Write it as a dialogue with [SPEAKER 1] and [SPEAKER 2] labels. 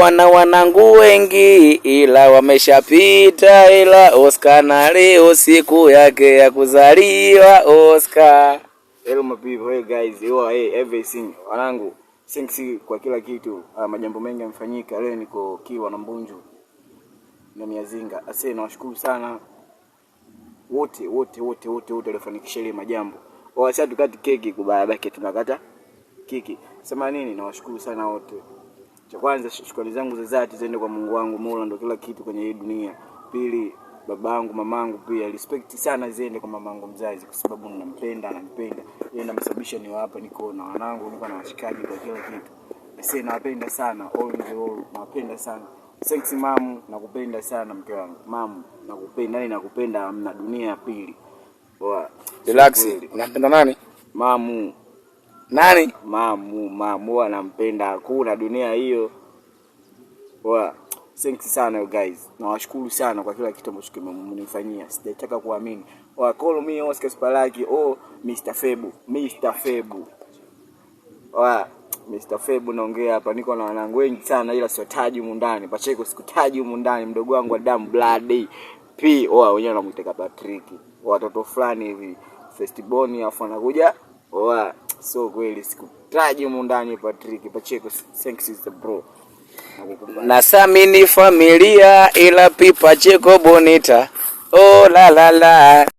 [SPEAKER 1] Wana wanangu wengi ila wameshapita, ila Oscar na leo siku yake ya kuzaliwa Oscar.
[SPEAKER 2] Hello my people, hey guys, you are hey, everything. Wanangu, thanks kwa kila kitu. Uh, majambo mengi yamefanyika. Leo niko Kiwa na Mbunju na Miazinga. Asante, nawashukuru sana wote wote wote wote wote waliofanikisha ile majambo. Wacha tukati keki kubaya baki tunakata kiki. Sema nini? Nawashukuru sana wote. Cha kwanza shukrani zangu za dhati ziende kwa Mungu wangu, Mola ndo kila kitu kwenye hii dunia. Pili, babangu, mamangu pia respect sana ziende kwa mamangu mzazi, kwa sababu ninampenda, ananipenda yeye, namsababisha niwe hapa, niko na wanangu, niko na washikaji kwa kila kitu. Sasa nawapenda sana all in all, nawapenda sana. Thanks mamu, nakupenda sana mke wangu. Mamu, nakupenda, nani nakupenda, mna dunia ya pili. Poa.
[SPEAKER 1] Relax. Unampenda nani? Mamu. Nani?
[SPEAKER 2] Mamu, mamu anampenda, hakuna dunia hiyo. Poa. you sana you guys. Nawashukuru sana kwa kila kitu ambacho kimenifanyia. Sijataka kuamini. Wa call me oh, Oscar Spalaki, oh Mr. Febu, Mr. Febu. Wa Mr. Febu naongea hapa, niko na wanangu wengi sana ila siwataji humu ndani. Pacheko sikutaji humu ndani, mdogo wangu wa damu blood. P, oh wenyewe wanamuita Patrick. Watoto fulani hivi. Festiboni afu anakuja wa so kweli sikutaji humu ndani Patrick, Pacheko, thanks is the bro.
[SPEAKER 1] Na sami familia ila pipa Cheko bonita. Oh la la la.